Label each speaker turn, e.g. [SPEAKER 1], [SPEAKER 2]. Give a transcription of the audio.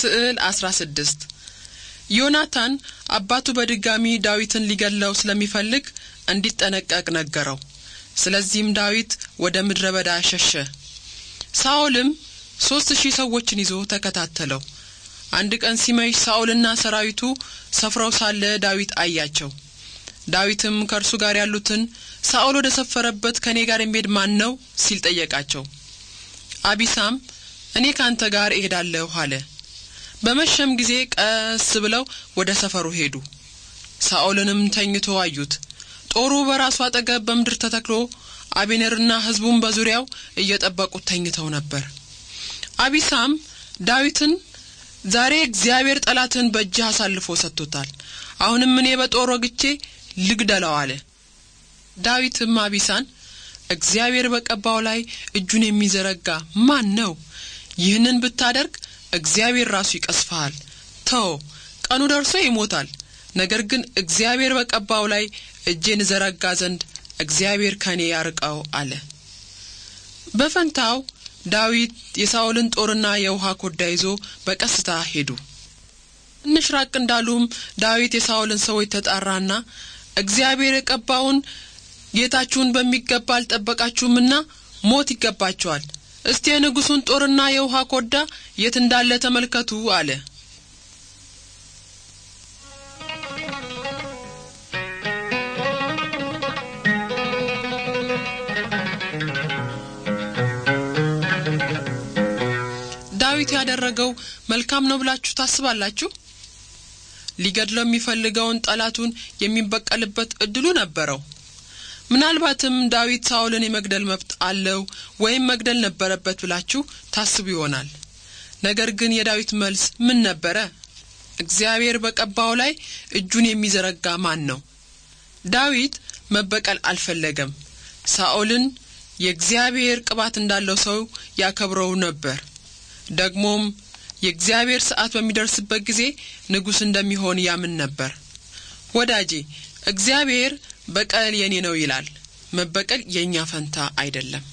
[SPEAKER 1] ስዕል 16 ዮናታን አባቱ በድጋሚ ዳዊትን ሊገለው ስለሚፈልግ እንዲጠነቀቅ ነገረው። ስለዚህም ዳዊት ወደ ምድረ በዳ ሸሸ። ሳኦልም ሦስት ሺህ ሰዎችን ይዞ ተከታተለው። አንድ ቀን ሲመሽ ሳኦልና ሰራዊቱ ሰፍረው ሳለ ዳዊት አያቸው። ዳዊትም ከእርሱ ጋር ያሉትን ሳኦል ወደ ሰፈረበት ከእኔ ጋር የሚሄድ ማን ነው ሲል ጠየቃቸው። አቢሳም እኔ ካንተ ጋር እሄዳለሁ አለ። በመሸም ጊዜ ቀስ ብለው ወደ ሰፈሩ ሄዱ። ሳኦልንም ተኝቶ አዩት። ጦሩ በራሱ አጠገብ በምድር ተተክሎ አቤኔርና ሕዝቡን በዙሪያው እየጠበቁት ተኝተው ነበር። አቢሳም ዳዊትን ዛሬ እግዚአብሔር ጠላትን በእጅህ አሳልፎ ሰጥቶታል፣ አሁንም እኔ በጦር ወግቼ ልግደለው አለ። ዳዊትም አቢሳን እግዚአብሔር በቀባው ላይ እጁን የሚዘረጋ ማን ነው? ይህንን ብታደርግ እግዚአብሔር ራሱ ይቀስፋል። ተው፣ ቀኑ ደርሶ ይሞታል። ነገር ግን እግዚአብሔር በቀባው ላይ እጄን ዘረጋ ዘንድ እግዚአብሔር ከኔ ያርቀው አለ። በፈንታው ዳዊት የሳውልን ጦርና የውሃ ኮዳ ይዞ በቀስታ ሄዱ። ትንሽ ራቅ እንዳሉም ዳዊት የሳውልን ሰዎች ተጣራና እግዚአብሔር የቀባውን ጌታችሁን በሚገባ አልጠበቃችሁምና ሞት ይገባቸዋል እስቲ የንጉሡን ጦርና የውሃ ኮዳ የት እንዳለ ተመልከቱ አለ። ዳዊት ያደረገው መልካም ነው ብላችሁ ታስባላችሁ? ሊገድለው የሚፈልገውን ጠላቱን የሚበቀልበት እድሉ ነበረው። ምናልባትም ዳዊት ሳውልን የመግደል መብት አለው ወይም መግደል ነበረበት ብላችሁ ታስቡ ይሆናል። ነገር ግን የዳዊት መልስ ምን ነበረ? እግዚአብሔር በቀባው ላይ እጁን የሚዘረጋ ማን ነው? ዳዊት መበቀል አልፈለገም። ሳኦልን የእግዚአብሔር ቅባት እንዳለው ሰው ያከብረው ነበር። ደግሞም የእግዚአብሔር ሰዓት በሚደርስበት ጊዜ ንጉሥ እንደሚሆን ያምን ነበር። ወዳጄ እግዚአብሔር በቀል የኔ ነው ይላል። መበቀል የእኛ ፈንታ አይደለም።